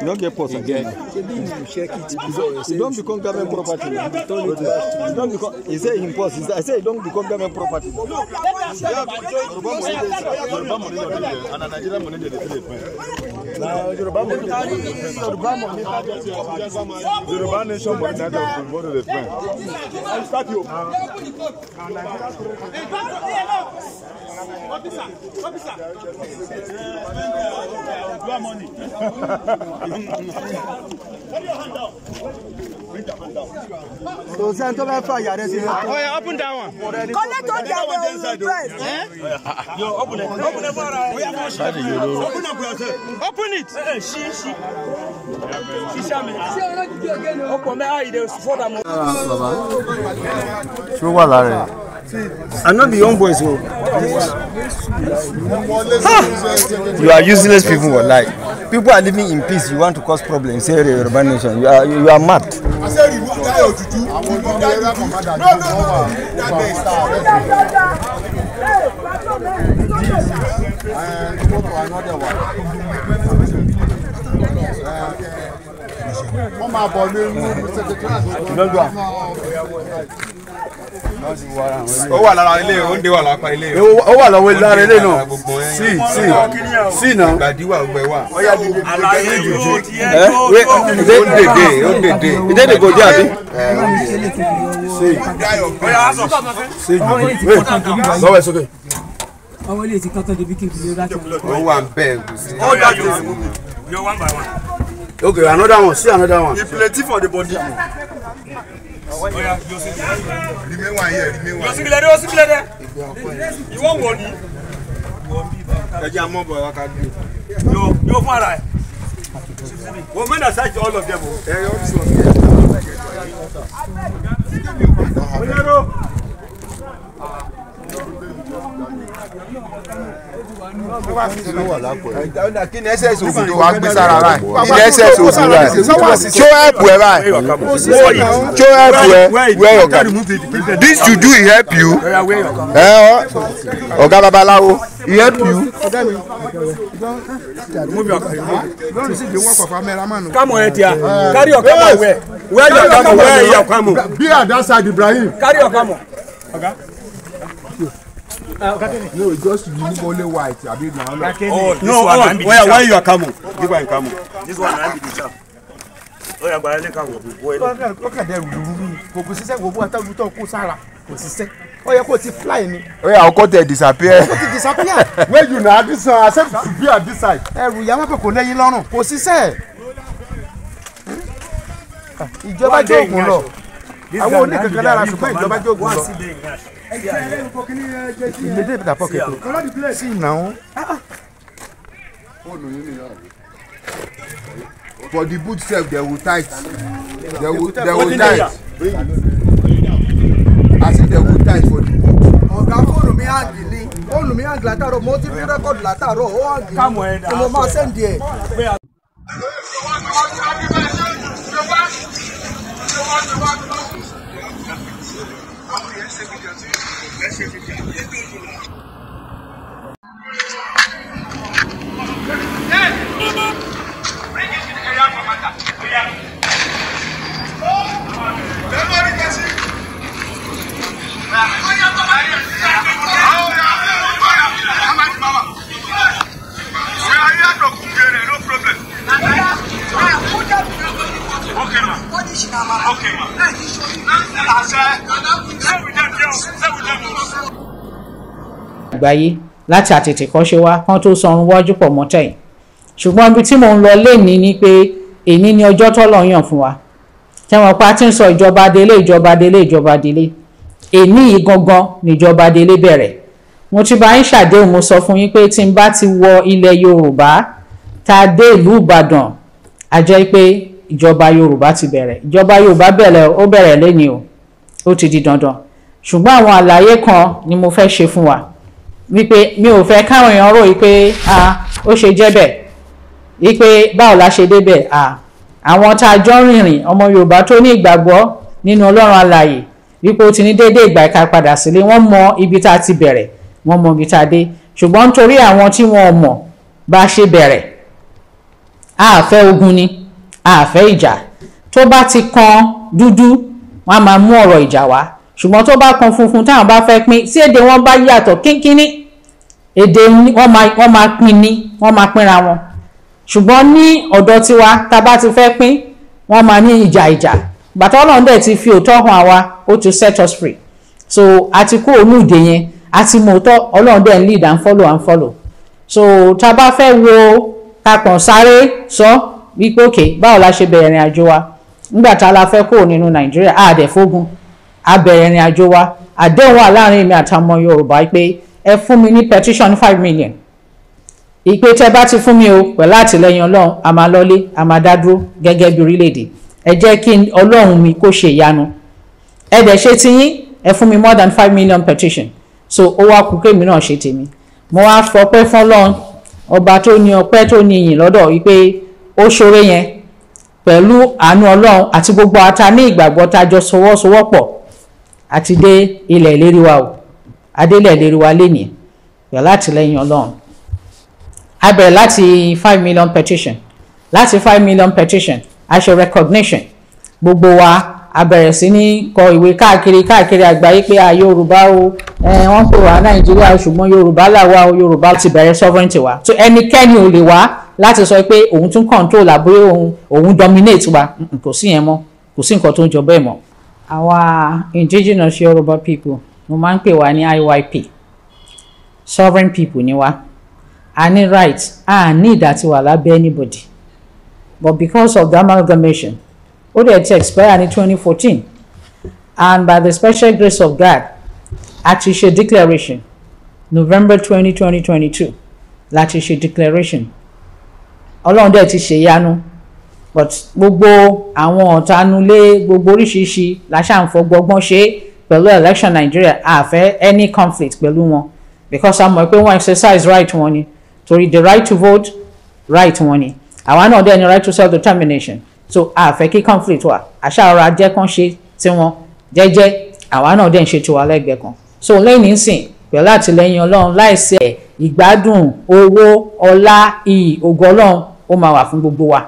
You don't get post again. You don't become government property. You don't become. He say him post. I say you don't become government property. Yoruba Yorùbá mọ̀ nation mọ̀ nípa Yorùbá mọ̀ nípa Yorùbá mọ̀ nípa So send to my fire, that's it. Oh yeah, open that one. Collect all the other dress. Eh? Open it. open it. Open it for her. We are going to open it. Open it. Eh, eh, she, she. She shall me. She oh. will not do again. Open me. How you do? For them. Baba. She will walare. I know the young boys will. You are useless people, like people are living in peace you want to cause problems here in Yoruba nation you are you are mad. wọ́n máa bọ̀ ní inú secretariat ó wà lára ilé oúnjẹ wà lápá ilé ó wà lọ́wọ́ lára ilé náà sí sí sí náà gbàdíwà ọgbẹ wà. àlàyé yóò tiẹ̀ tó tó. ó ń dèdè ó ń dèdè ìdèdè kò jẹ́ àbí. sí lọ́wọ́ ẹ̀ sókè ọwọ́ ilé ti kọ́tọ́ débi kí n kúlẹ̀ láti ó wà bẹ́ẹ̀ kò sí. all that is good. you're one by one. okay another one see another one. he plenty for the body rìmẹ́wà yẹ rìmẹ́wà bọ wa ka gbé. yóò yóò fún ara ẹ. wọ́n mẹ́ta sáàjì all of them o. ẹ yọ ọ́ sọ̀rọ̀ kí ni ẹsẹ̀ oògùn tó wàá gbé sára rà kí ni ẹsẹ̀ help ẹ rà tí help ẹ wear your this to do e help you ẹ ọ ọ̀gá babaláwo help you. kámọ ẹ tíya kárí ọ̀kámọ wẹ̀ wẹ́ẹ̀ yọ̀ kámọ wẹ́ẹ̀ yọ̀ kámọ. bí àdá sa Ibrahim. kárí ọ̀kámọ. No, no, just remove only white. I mean, now, like, oh, no, one, oh, where, where you are coming? This one, coming. This one, I'm the chap. Oh, yeah, but I think I'm going to go. Look at them. Kò síṣẹ́ gbogbo àtàwọn tó kó sára kò síṣẹ́. Ó yẹ kó ti fly ni. Ó yà ọkọ tẹ disappear. Ó ti disappear. Where you na this one said to be at this side. Ẹrù ìyá wọn pé kò lẹ́yìn lọ́rùn kò síṣẹ́. Ìjọba jókòó lọ. Àwọn oníkankan lára ṣùgbọ́n ìjọba jókòó lọ. You made it with a pocket. Follow the plate. See now. Fóònù For the boot sef, they will tight. They will, they will tight. As if they will tight for the boot. Ọ̀gá fóònù mi hàngì ni. Fóònù mi hàngì látàárọ̀. Mo ti rí rẹ́kọ̀dù látàárọ̀. Ó hàngì. Kámo Mo máa sẹ́ndì ẹ̀. àgbáyé láti àtètè kọ́ṣe wá kán tó sọrun wájú pọ̀ mọ́ tẹ̀yìn ṣùgbọ́n ibi tí mò ń lọ léni ni pé èní ni ọjọ́ tọ́lọ̀ yàn fún wa tẹ́wọ̀n pa ti ń sọ ìjọba délé ìjọba délé ìjọba délé èní yìí gangan níjọba délé bẹ̀rẹ̀ mo ti bá yín ṣàdéhùn mo sọ fún yín pé tí n bá ti wọ ilẹ̀ Yorùbá tá a dé ìlú Ìbàdàn a jẹ́ pé ìjọba Yorùbá ti bẹ̀rẹ̀ ìjọba Yorùbá bẹ̀rẹ̀ ó bẹ̀rẹ̀ lẹ́ni o ó ti di dandan ṣùgbọ́n àwọn àlàyé kan ni mo fẹ́ ṣe fún wa wípé mi ò fẹ́ káwọn èèyàn rò wípé ó ṣe jẹ́ bẹ́ẹ̀ wípé báwo la ṣe débẹ̀ àwọn tá a jọ rìnrìn ọmọ Yorùbá tó ní ìgbàgbọ́ nínú Ọlọ́run alààyè wípé ó ti ní déédéé ìgbà ìka padà sílé wọ́n mọ ibi tá a ti bẹ̀rẹ̀ wọ́n mọ ibi tá a dé ṣùgbọ́n nítorí àwọn tí wọ́n mọ̀ bá ṣe bẹ̀rẹ̀ a fẹ́ ogun ni a fẹ́ ìjà tó bá ti kan dúdú wọ́n á máa mú ọ̀rọ̀ ìjà wá ṣùgbọ́n tó bá kan funfun táwọn bá fẹ́ pín sí èdè wọn bá yàtọ̀ kínkínní èdè wọn máa pín ní wọn máa pínra wọn ṣùgbọ́n ní ọ̀dọ̀ tiwa tá a bá ti fẹ́ pín wọn máa ní ìjà ìjà bàtà ọlọ́run dẹ̀ ti fi òótọ́ hàn àwa ó ti set us free so àti kó òun ìdè yẹn àti mòótọ́ ọlọ́run dẹ̀ ń lead and follow and follow so tá a bá fẹ́ wo kakàn sáré sọ wípé òkè báwo la ṣe bẹ̀rẹ̀ ìrìn àjò wa nígbà tá a la fẹ́ kó nínú nàìjíríà àdẹ̀fógun. Ah, a bẹ̀rẹ̀ ìrìn àjò wa àdéhùn wà láàrin èmi àtàwọn Yorùbá pé ẹ fún mi ní petition five million ìpè tẹ bá ti fún mi o pẹ̀lú àtìlẹyìn Ọlọ́run a máa lọlé a máa dá dúró gẹ́gẹ́ bí orílẹ̀-èdè ẹ jẹ́ kí Ọlọ́run mi kó ṣe ìyanu ẹ dẹ̀ ṣe ti yín ẹ fún mi more than five million petition so ó wá kú kémi náà ṣe tèmi mo wá fọpẹ́ fọlọ́run ọba tó ní ọpẹ́ tó ní ìyìn lọ́dọ̀ wípé ó ṣoore yẹn pẹ̀lú àánú Ọlọ́run àti gbogbo ata ní ìgbàgbọ́ jọ sọwọ́sowọ́pọ̀ àti dé ilẹ̀ ìlérí wa o adélẹ̀ ìlérí wa lénìí pẹ̀lú àtìlẹ́yìn ọlọ́run a láti five million petition láti five million petition a recognition gbogbo wa a bẹ̀rẹ̀ sí ní kọ ìwé káàkiri káàkiri àgbáyé pé a yorùbá o wọ́n pè wá nàìjíríà ṣùgbọ́n yorùbá làwa o yorùbá ti bẹ̀rẹ̀ sovereignty wa so ẹnikẹ́ni ò lè wá láti sọ pé òun tún control àbúrò òun òun dominate wa kò sí yẹn mọ́ kò sí nǹkan tó ń jọ bẹ́ẹ̀ mọ́ Our indigenous Yoruba people mo máa ń pè wá ní IYP sovereign people Niwa. wá rights, ní need, that ní allow anybody but because of the amalgamation ó dẹ̀ ti expire ní 2014 and by the special grace of God a ti declaration November 20 2022 la declaration ọlọ́run dẹ̀ ti yano but gbogbo àwọn ọ̀tanulé gbogbo oríṣiríṣi la ṣáà ń fọgbọ́gbọ́n ṣe pẹ̀lú election Nigeria àfẹ́ any conflict pẹ̀lú wọn because a mọ̀ pé wọ́n exercise right wọn ni torí the right to vote right wọn ni àwa náà dẹ̀ right to self determination so àfẹ́ kí conflict wà àṣàrò ajẹ́ kan ṣe tiwọn jẹ́jẹ́ àwa náà dẹ̀ ń ṣe tiwa lẹ́gbẹ̀ẹ́ kan so lẹ́yìn ìsìn pẹ̀lú àtìlẹ́yìn ọlọ́run láìsí ẹ̀ ìgbádùn owó ọlá iyì ògo ọlọ́run ó máa wà fún gbogbo wa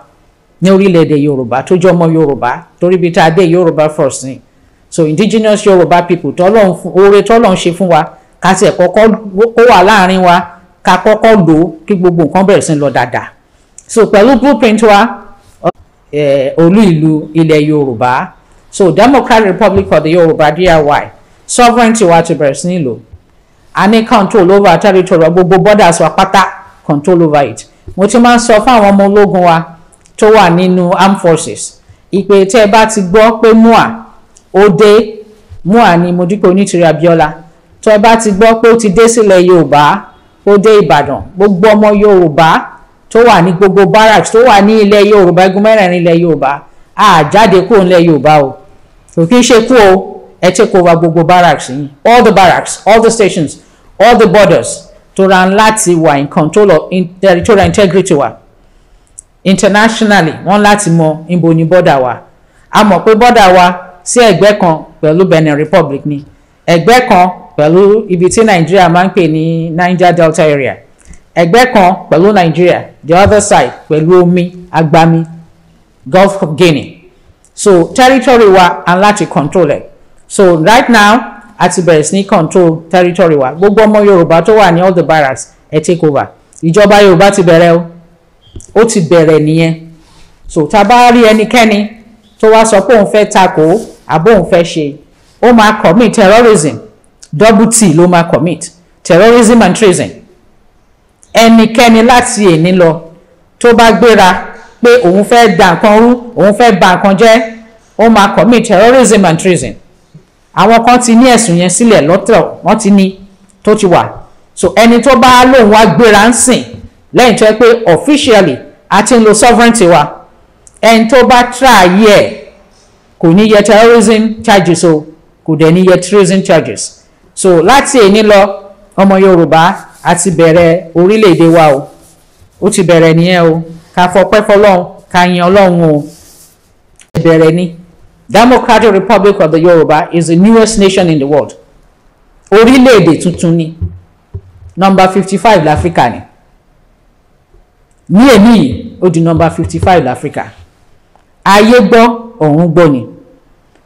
ní orílẹ̀-èdè yorùbá tó jẹ́ ọmọ yorùbá torí bí tá a dé yorùbá first ni so indigenous yorùbá people tọ́lọ́hún oore tọ́lọ́hún ṣe fún wa ká tiẹ̀ kọ́kọ́ kó wà láàrin wa ká kọ́kọ́ lò ó kí gbogbo nǹkan bẹ̀rẹ̀ sí lọ dáadáa so pẹ̀lú blueprint wa eh, olú ìlú ilẹ̀ yorùbá so democratic republic of the yorùbá DRY sovereignty wa ti bẹ̀rẹ̀ sí ní a ní control over territory gbogbo borders wa pátá control over it mo ti máa ń sọ fún àwọn ọmọ ológun wa tó wà nínú armed forces ìpè tẹ́ ẹ bá ti gbọ́ pé mua ó dé mua ni Modipe Onítìrí Abíọ́lá tọ́ ẹ bá ti gbọ́ pé ó ti dé sílẹ̀ Yorùbá ó dé Ìbàdàn gbogbo ọmọ Yorùbá tó wà ní gbogbo barracks tó wà ní ilẹ̀ Yorùbá igun mẹ́rẹ̀ẹ̀rin ilẹ̀ Yorùbá a jáde kúrò nílẹ̀ Yorùbá o kò kí n ṣe kú o ẹ take over gbogbo barracks yìí all the barracks all the stations all the borders tó ra láti wà in control of in territorial integrity wa internationally wọ́n láti mọ ibo ni bọ́dà wa a mọ̀ pé bọ́dà wa sí ẹ̀gbẹ́ kan pẹ̀lú Benin Republic ni ẹ̀gbẹ́ kan pẹ̀lú ibi tí Nigeria máa ń pè ní Niger Delta area ẹ̀gbẹ́ kan pẹ̀lú Nigeria, the other side pẹ̀lú omi agbami Gulf of Guinea so territory wa à láti control ẹ̀ so right now a ti bẹ̀rẹ̀ sí ní control territory wa gbogbo ọmọ Yorùbá tó wà ní all the barracks ẹ̀ take over ìjọba Yorùbá ti bẹ̀rẹ̀ o ó ti bẹ̀rẹ̀ nìyẹn so tá a bá rí ẹnikẹ́ni tó wá sọ pé òun fẹ́ takò àbó òun fẹ́ ṣe ó máa commit terrorism double t ló máa commit terrorism and treason ẹnikẹ́ni láti èní lọ tó bá gbéra pé òun fẹ́ da nǹkan rú òun fẹ́ ba nǹkan jẹ́ ó máa commit terrorism and treason àwọn kan ti ní ẹ̀sùn yẹn sílẹ̀ lọ́tọ̀ wọ́n ti ní tó ti wà so ẹni tó bá lóun wá gbéra ń sìn lẹ́yìn tó yẹ pé officially a ti ń lo sovereignty wa ẹni tó bá try yẹ kò ní yẹ terrorism charges o kò dẹ̀ ní yẹ treason charges so láti èní lọ ọmọ Yorùbá a ti bẹ̀rẹ̀ orílẹ̀-èdè wa o ó ti bẹ̀rẹ̀ nìyẹn o ká fọpẹ́ fọlọ́run ká yin Ọlọ́run o bẹ̀rẹ̀ ni Democratic Republic of the Yorùbá is the newest nation in the world orílẹ̀-èdè tuntun ni number fifty five láfíríkà ni ní èmi yìí ó di nọ́mbà fifty five láfíríkà ayé gbọ́ ọ̀run gbọ́ ni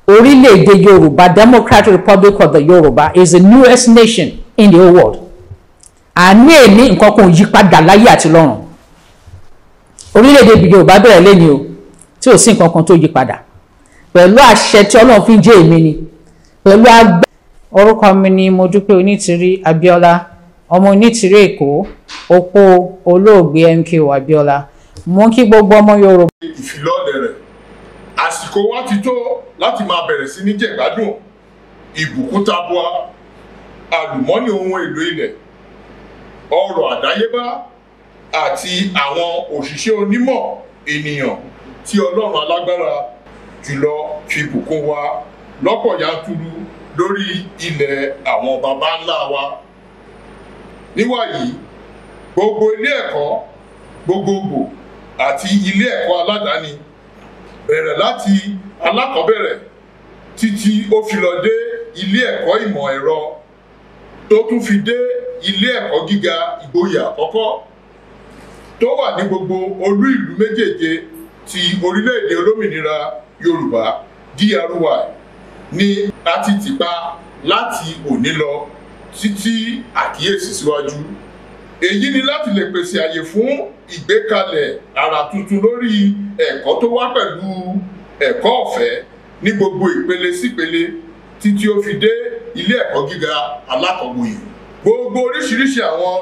orílẹ̀-èdè yorùbá democratic republic of the yorùbá is the newest nation in the whole world àní èmi nǹkan kan yí padà láyé àti lọ́run orílẹ̀-èdè yorùbá bẹ̀rẹ̀ lẹ́ni o tí ò sí nǹkan kan tó yí padà pẹ̀lú àṣẹ tí ọlọ́run fi ń jẹ́ èmi ni pẹ̀lú agbẹ́ orúkọ mi ni Modúpẹ́ Onítìrí Abíọ́lá ọmọ onítìrí èkó opó olóògbé MKO Abiola mo kí gbogbo ọmọ Yorùbá. ìfilọ́lẹ̀ rẹ̀ àsìkò wa ti tó láti máa bẹ̀rẹ̀ sí ní jẹ̀gbádùn ìbùkún tabua àlùmọ́nì ohun èlò ilẹ̀ ọrọ̀ àdáyébá àti àwọn òṣìṣẹ́ onímọ̀ ènìyàn tí ọlọ́run alágbára jùlọ fi bùkún wa lọ́pọ̀ yanturu lórí ilẹ̀ àwọn baba ńlá wa níwáyìí gbogbo ilé ẹ̀kọ́ gbogbogbò àti ilé ẹ̀kọ́ aládàáni bẹ̀rẹ̀ láti alákọ̀ọ́bẹ̀rẹ̀ títí ó fi lọ dé ilé ẹ̀kọ́ ìmọ̀ ẹ̀rọ tó tún fi dé ilé ẹ̀kọ́ gíga ìgboyà àkọ́kọ́ tó wà ní gbogbo olú ìlú méjèèje ti orílẹ̀-èdè olómìnira Yorùbá DRY ni a ti tìpa láti òní lọ títí àkíyèsí síwájú èyí ni láti lè pèsè àyè fún ìgbékalẹ̀ àrà tuntun lórí ẹ̀kọ́ tó wá pẹ̀lú ẹ̀kọ́ ọ̀fẹ́ ní gbogbo ìpele sípele títí ó fi dé ilé ẹ̀kọ́ gíga alákọ̀ọ́gboyè gbogbo oríṣiríṣi àwọn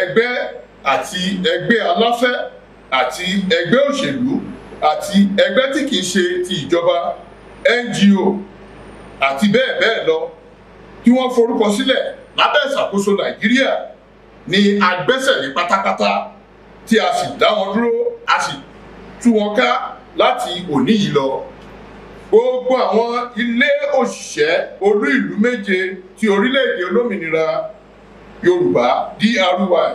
ẹgbẹ́ àti ẹgbẹ́ aláfẹ́ àti ẹgbẹ́ òṣèlú àti ẹgbẹ́ tí kìí ṣe ti ìjọba NGO àti bẹ́ẹ̀ bẹ́ẹ̀ lọ tí wọ́n forúkọ sílẹ̀ lábẹ́ ìṣàkóso nàìjíríà ni a gbẹ́sẹ̀ lé pátápátá tí a sì dá wọn dúró a sì tú wọn ká láti òní yìí lọ gbogbo àwọn ilé òṣìṣẹ́ olú ìlú méje ti orílẹ̀-èdè olómìnira yorùbá DRY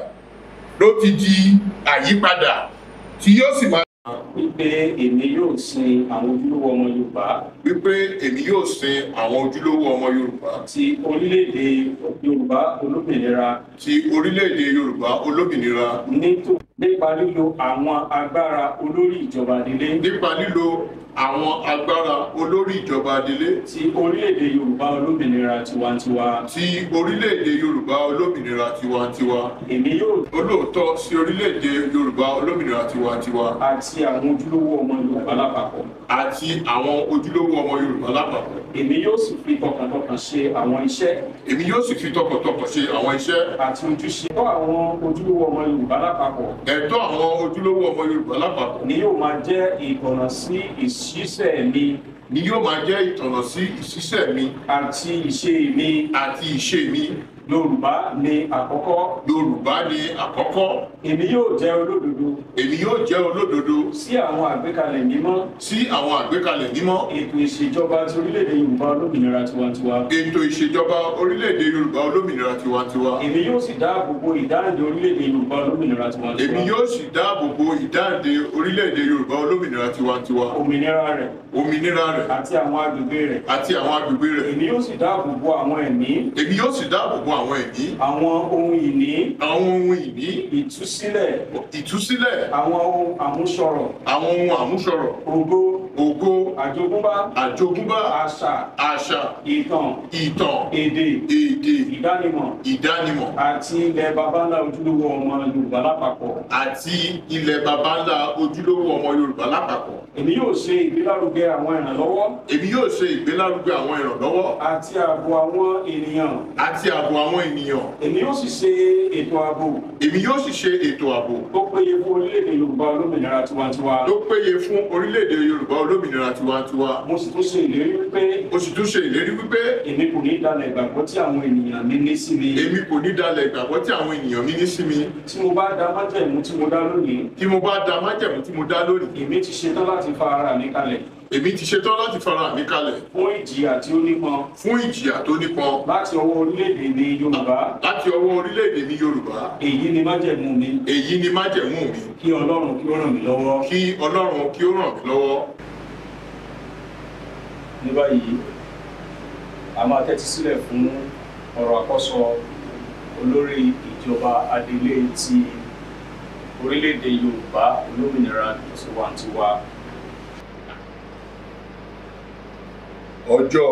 ló ti di àyípadà tí yóò sì máa. wípé èmi yóò sin àwọn ojúlówó ọmọ yorùbá wípé èmi yóò sin àwọn ojúlówó ọmọ yorùbá. ti orílẹ̀-èdè yorùbá olómìnira. ti orílẹ̀-èdè yorùbá olómìnira. nítò nípa lílo àwọn agbára olórí ìjọba délé. nípa lílo àwọn agbára olórí ìjọba délé. ti orílẹ̀-èdè yorùbá olómìnira tiwantiwa. ti orílẹ̀-èdè yorùbá olómìnira tiwantiwa. èmi yóò. olóòótọ́ sí orílẹ̀-èdè yorùbá olómìnira tiwantiwa. àti àwọn ojúlówó ọmọ yorùbá lápapọ̀. àti àwọn ojúlówó ọmọ Yorùbá lápapọ̀. èmi yóò sì fi tọkàntọkàn ṣe àwọn iṣẹ́. èmi yóò sì fi tọkàntọkàn ṣe àwọn iṣẹ́. àti ojúṣe ẹ̀tọ́ àwọn ojúlówó ọmọ Yorùbá lápapọ̀. ẹ̀tọ́ àwọn ojúlówó ọmọ Yorùbá lápapọ̀. ni yóò máa jẹ́ ìtọ̀nà sí ìṣiṣẹ́ mi ni yóò máa jẹ́ ìtọ̀nà sí ìṣiṣẹ́ mi. àti ìṣe mi. àti ìṣe mi yorùbá ni àkọ́kọ́. yorùbá ni àkọ́kọ́. èmi yóò jẹ́ olódodo. èmi yóò jẹ́ olódodo. sí àwọn àgbékalẹ̀ mímọ́. sí àwọn àgbékalẹ̀ mímọ́. ètò ìṣèjọba ti orílẹ̀-èdè yorùbá olómìnira tiwantiwa. ètò ìṣèjọba orílẹ̀-èdè yorùbá olómìnira tiwantiwa. èmi yóò sì dáàbò bo ìdáǹdè orílẹ̀-èdè yorùbá olómìnira tiwantiwa. èmi yóò sì dáàbò bo ìdáǹdè orílẹ̀-èdè yorùbá olómìnira tiwantiwa. òmìnira rẹ̀. òmìnira rẹ̀. àti àwọn agbègbè rẹ̀. àti àwọn agbègbè rẹ̀. èmi yóò sì dáàbò bo àwọn ẹ̀mí. èmi yóò sì dáàbò bo àwọn ìní. àwọn ohun ìní. àwọn ohun ìní. ìtúsílẹ̀. ìtúsílẹ̀. àwọn ohun àmúṣọrọ̀. àwọn ohun àmúṣọrọ̀. ògo ògo àjogúnbá àjogúnbá àṣà àṣà ìtàn ìtàn èdè èdè ìdánimọ̀ ìdánimọ̀ àti ilẹ̀ babańlá ojúlówó ọmọ yorùbá lápapọ̀. àti ilẹ̀ babańlá ojúlówó ọmọ yorùbá lápapọ̀. èmi yóò ṣe ìgbélárugẹ àwọn ìrànlọ́wọ́. èmi yóò ṣe ìgbélárugẹ àwọn ìrànlọ́wọ́. àti ààbò àwọn ènìyàn. àti ààbò àwọn ènìyàn. èmi yóò sì ṣe ètò ààbò. èmi yóò sì ṣe ètò ààbò. ó péye fún orílẹ̀-èdè yorùbá olómìnira tiwantiwa. ló péye fún orílẹ̀-èdè yorùbá olómìnira tiwantiwa. mo sì tún ṣe ìlérí wípé. mo sì tún ṣe ìlérí wípé. èmi kò ní dalẹ̀ ìgbàgbọ́ tí àwọn ènìyàn mi ní sí mi. èmi kò ní dalẹ̀ ìgbàgbọ́ tí àwọn ènìyàn mi ní sí mi. tí mo bá da májẹ̀mú tí mo dá lónìí. tí mo bá da májẹ̀mú tí mo dá lónìí. èmi ti ṣetán láti fa ara mi kalẹ̀ èmi ti ṣetán láti fara mi kalẹ̀. fún ìjìyà tí ó nípọn. fún ìjìyà tó nípọn. láti ọwọ́ orílẹ̀-èdè mi yorùbá. láti ọwọ́ orílẹ̀-èdè mi yorùbá. èyí ni májẹ̀mú mi. èyí ni májẹ̀mú mi. kí ọlọ́run kí ó ràn mí lọ́wọ́. kí ọlọ́run kí ó ràn mí lọ́wọ́. ní báyìí a máa tẹ́tí sílẹ̀ fún ọ̀rọ̀ àkọ́sọ olórí ìjọba adelé ti orílẹ̀-èdè yorùbá olómìnira tiwantiwa. ọjọ́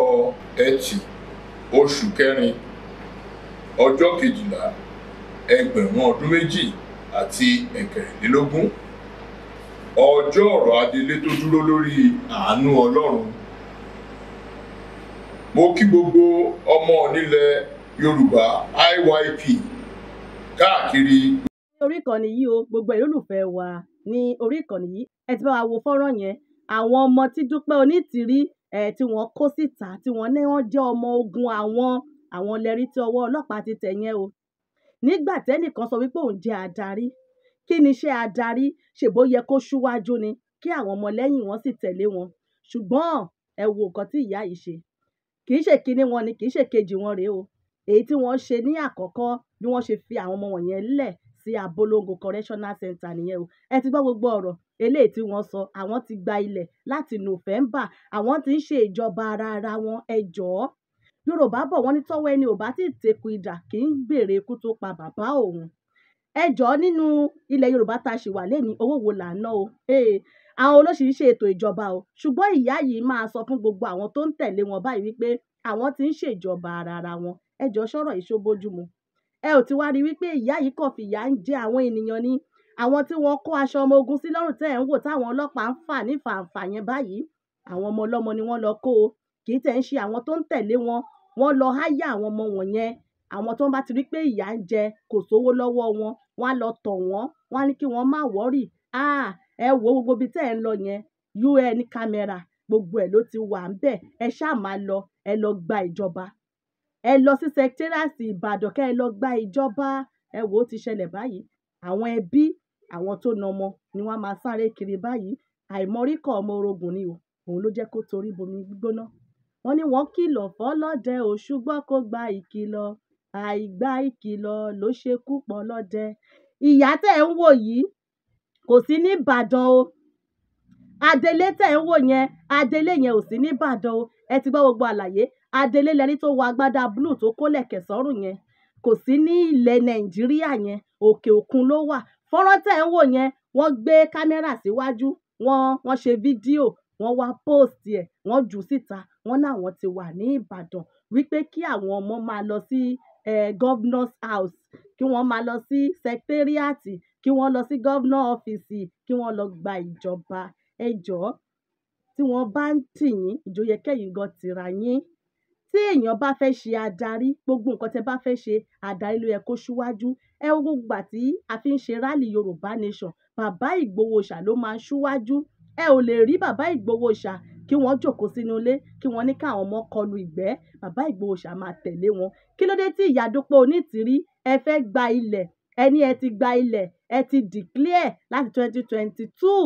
ẹtì oṣù kẹrin ọjọ́ kejìlá ẹgbẹ̀rún ọdún méjì àti ẹ̀kẹrìnlélógún ọjọ́ ọ̀rọ̀ adelé tó dúró lórí àánú ọlọ́run mo kí gbogbo ọmọ nílẹ̀ yorùbá IYP káàkiri. ní orí ìkànnì yìí o gbogbo ìlólùfẹ́ wa ní orí ìkànnì yìí ẹ ti bá wa wo fọ́nrán yẹn àwọn ọmọ tí dúpẹ́ onítìrí ẹ tí wọ́n kó síta tí wọ́n ní wọ́n jẹ́ ọmọ ogun àwọn àwọn lẹ́rí tí ọwọ́ ọlọ́pàá ti tẹ̀ yẹn o nígbà tẹ́nìkan sọ wípé òun jẹ́ adarí kí ni iṣẹ́ adarí ṣèbó yẹ kó ṣúwájú ni kí àwọn ọmọlẹ́yìn wọn sì tẹ̀lé wọn ṣùgbọ́n ẹ wo nǹkan tí ìyá yìí ṣe kì í ṣe kinní wọn ni kì í ṣe kejì wọn rèé o èyí tí wọ́n ṣe ní àkọ́kọ́ bí wọ́n ṣe fi àwọn ọmọ wọ̀nyẹn lẹ̀ sí Abolongo Correctional Center nìyẹn o ẹ ti gbọ́ gbogbo ọ̀rọ̀ eléyìí tí wọ́n sọ àwọn ti gba ilẹ̀ láti November àwọn ti ń ṣe ìjọba ara ara wọn ẹ jọ̀ọ́ Yorùbá bọ̀ wọ́n ní tọ́wọ́ ẹni ò bá ti tẹ̀kù idà kì í béèrè ikú tó pa bàbá òun ẹ jọ̀ọ́ nínú ilẹ̀ Yorùbá tá a ṣì wà lẹ́ni owó wo là ń ná o àwọn olóṣèlú ṣe ètò ìjọba o ṣùgbọ́n ìyá yìí máa sọ fún gbogbo àwọn tó ń tẹ̀lé wọn báyìí wípé àwọn ti ń ṣèjọba ara ara wọn ẹ jọ̀ọ́ sọ̀rọ̀ ìṣóbójúmu ẹ ò ti wá rí wípé ìyá yìí kàn fìyà ń jẹ àwọn ènìyàn ni àwọn tí wọ́n kó aṣọ ọmọ ogun sí lọ́rùn tẹ́ ẹ̀ ń wò táwọn ọlọ́pàá ń fà ní fàǹfà yẹn báyìí àwọn ọmọ ọlọ́mọ ni wọ́n lọ kó o kì í tẹ̀ ń ṣe àwọn tó ń tẹ̀lé wọn wọ́n lọ háyà àwọn ọmọ wọ̀nyẹn àwọn tó ń bá ti rí pé ìyà ń jẹ kò sówó lọ́wọ́ wọn wọ́n á lọ tọ̀ wọ́n wọ́n á ní kí wọ́n má wọ́rì ah, ẹ wo gbogbo ibi tẹ́ ẹ ń lọ yẹn un camera gbogbo ẹ̀ ló ti wà ń bẹ̀ ẹ ṣáà máa lọ ẹ lọ gba ìjọba ẹ lọ sí secretariat Ìbàdàn kẹ́ ẹ lọ gba ìjọba ẹ wò ti ṣẹlẹ̀ báyìí àwọn ẹbí àwọn tó na ọmọ ni wọ́n á máa sáré kiri báyìí àìmọríkọ̀ ọmọ orogún ni o òun ló jẹ́ kó torí bomi gbígbóná wọ́n ní wọ́n kìlọ̀ fọlọ́dẹ ò ṣùgbọ́n kó gba ìkìlọ̀ àìgbà ìkìlọ̀ ló ṣekú pọ̀ lọ́dẹ ìyá tẹ̀ ń wò yìí kò sí ní Ìbàdàn o adelé tẹ̀ ń wò yẹn adelé yẹn ò sí ní Ìbàdàn o ẹ ti gbọ́ gbogbo àlàyé adelé lẹni tó wọ agbádá blue tó kó lẹ̀kẹ̀ yẹn kò sí ní ilẹ̀ Nàìjíríà yẹn òkè òkun ló wà fọ́nrán tẹ̀ ń wò yẹn wọ́n gbé kámẹ́rà síwájú wọ́n wọ́n ṣe fídíò wọ́n wá post ẹ̀ wọ́n jù síta wọ́n láwọn ti wà ní Ìbàdàn wípé kí àwọn ọmọ máa lọ sí governor's house kí wọ́n máa lọ sí secretariat kí wọ́n lọ sí governor office. kí wọ́n lọ gba ìjọba ẹ jọ̀ọ́ tí wọ́n bá ń tì yín ìjòyè kẹ́yìn gan tìra yín tí èèyàn bá fẹ́ ṣe adarí gbogbo nǹkan tẹ́ bá fẹ́ ṣe adarí ló yẹ kó ṣíwájú ẹ wo gbogbo ìgbà tí a fi ń ṣe rally Yorùbá nation bàbá Ìgbòho Òòṣà ló máa ń ṣíwájú ẹ ò lè rí bàbá Ìgbòho kí wọ́n jókòó sínú ilé kí wọ́n ní káwọn ọmọ kọlu ìgbẹ́ bàbá Ìgbòho máa tẹ̀lé wọn kí ló dé tí ìyá Onítìrí ẹ fẹ́ gba ilẹ̀ ẹni ẹ ti gba ilẹ̀ ẹ ti declare láti twenty twenty two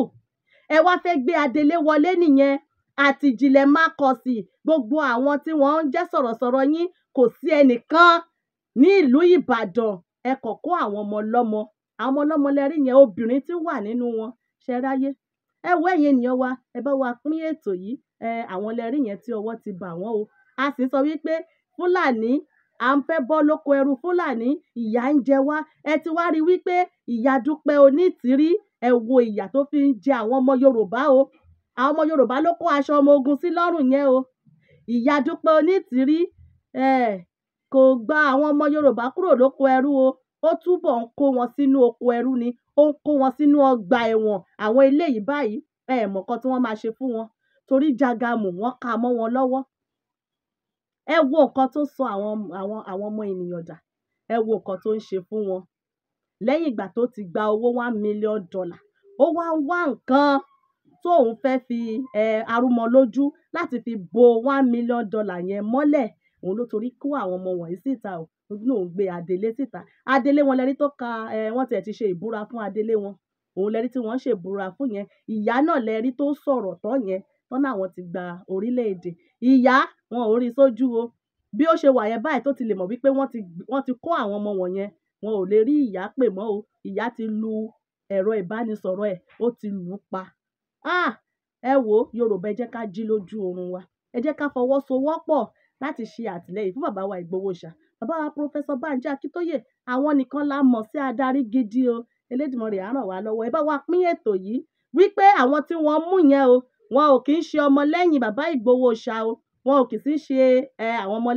ẹ wá fẹ́ gbé adelé wọlé nìyẹn àti ìjìnlẹ̀ mákọ̀sì gbogbo àwọn tí wọ́n ń jẹ́ sọ̀rọ̀sọ̀rọ̀ yín kò sí ẹnìkan ní ìlú ìbàdàn ẹ kọ̀ kó àwọn ọmọ ọlọ́mọ àwọn ọlọ́mọ lẹ́rí yẹn obìnrin tí wà nínú wọn ṣe ráyé ẹ wọ ẹ̀yin ènìyàn wa ẹ bá wa pín ètò yìí ẹ àwọn lẹ́rí yẹn tí ọwọ́ ti bà wọ́n o a sì sọ wípé fúlàní à ń fẹ́ bọ́ lóko ẹrú fúlàní ìyà ń jẹ wá ẹ ti wá rí wípé ìyá dúpẹ́ onítìrí ẹ wo ìyà tó fi ń jẹ àwọn ọmọ yorùbá o àwọn ọmọ Yorùbá ló kó aṣọ ọmọ ogun sí lọ́rùn yẹn o ìyá Dúpẹ́ Onítìrí um kò gba àwọn ọmọ Yorùbá kúrò lóko ẹrú o ó túbọ̀ ń kó wọn sínú oko ẹrú ni ó ń kó wọn sínú ọgbà ẹ̀wọ̀n àwọn eléyìí báyìí ẹ mọ̀ nǹkan tí wọ́n máa ṣe fún wọn torí jágàmù wọ́n kà mọ́ wọn lọ́wọ́ ẹ wo nǹkan tó sọ àwọn àwọn àwọn ọmọ ènìyàn dà ẹ wo nǹkan tó ń ṣe fún wọn lẹ́yìn ìgbà tó ti gba owó one million dollar ó wá ń wá nǹkan tó òun fẹ́ fi arúmọ lójú láti fi bo one million dollar yẹn mọ́lẹ̀ òun ló torí kó àwọn ọmọ wọ̀nyí síta o lóun gbé adelé síta adelé wọn lẹ́rí tó ka wọ́n tiẹ̀ ti ṣe ìbúra fún adelé wọn òun lẹ́rí tí wọ́n ṣe ìbúra fún yẹn ìyá náà lẹ́rí tó sọ̀rọ̀ tán yẹn tán náà wọ́n ti gba orílẹ̀-èdè ìyá wọn ò rí sójú o bí ó ṣe wà yẹn báyìí tó ti lè mọ̀ wípé wọ́n ti kó àwọn ọmọ wọ̀nyẹn wọn ò lè rí ìyá pè mọ́ o ìyá ti lu ẹ̀rọ ìbánisọ̀rọ̀ ẹ̀ ó ti lù ú pa Ah! Ẹ wò ó, Yorùbá ẹ jẹ́ ká jí lójú oorun wa. Ẹ jẹ́ ká fọwọ́sowọ́pọ̀ láti ṣe àtìlẹ́yìn fún bàbá wa Ìgbòho-ṣà. Bàbá wa Professor Banji Akintoye. Àwọn nìkan la mọ̀ sí adarí gidi o. Elédùmarè á ràn wá lọ́wọ́. Ẹ bá wa pín ètò yìí wípé àwọn tí wọ́n mú yẹn o, wọn ò kí ń ṣe ọmọ lẹ́yìn bàbá ìgbòho o. Wọn ò kì í ṣe, ẹ́, àwọn ọmọ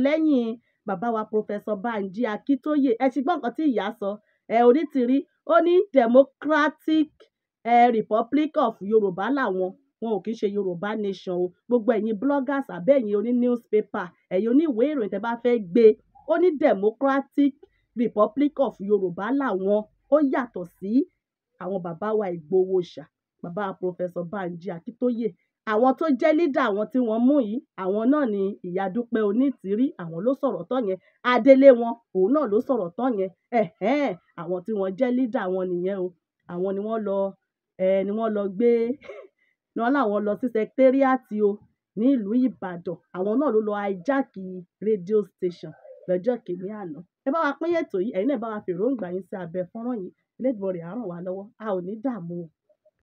bàbá wa Professor Banji Akintoye. Ẹ ti gbọ́ nǹkan tí ìyá sọ. Ẹ̀, onítìrí. Ó ní democratic Republic of Yorùbá làwọn wọn ò kì í ṣe Yorùbá nation o gbogbo ẹ̀yin bloggers àbẹ́yìn oní newspaper ẹ̀yin oníwèé ìròyìn tẹ́ bá fẹ́ gbé ó ní Democratic Republic of Yorùbá làwọn ó yàtọ̀ sí àwọn bàbá wa Ìgbòho ṣà bàbá Professor Banji Akíntóyè àwọn tó jẹ́ lídà àwọn tí wọ́n mú yìí àwọn náà ni ìyá Dúpẹ́ Onítìrí àwọn ló sọ̀rọ̀ tán yẹn adélé wọn òun náà ló sọ̀rọ̀ tán yẹn ẹ̀hẹ́n àwọn tí wọ́n jẹ́ lídà wọn nìyẹn o àwọn ni wọ́n lọ ẹ̀ eh, ni wọ́n lọ gbé ni wọ́n láwọn lọ sí sẹkritéríàtì o ní ìlú Ìbàdàn àwọn náà ló lọ hijack rédíò station lọ́jọ́ kìíní àná. Ẹ bá wa pín ètò yìí, ẹ̀yin náà bá wa fèròǹgbà yín sí abẹ́ fọ́nrán yìí. Elédùmarè á ràn wá lọ́wọ́, a ò ní dààmú o.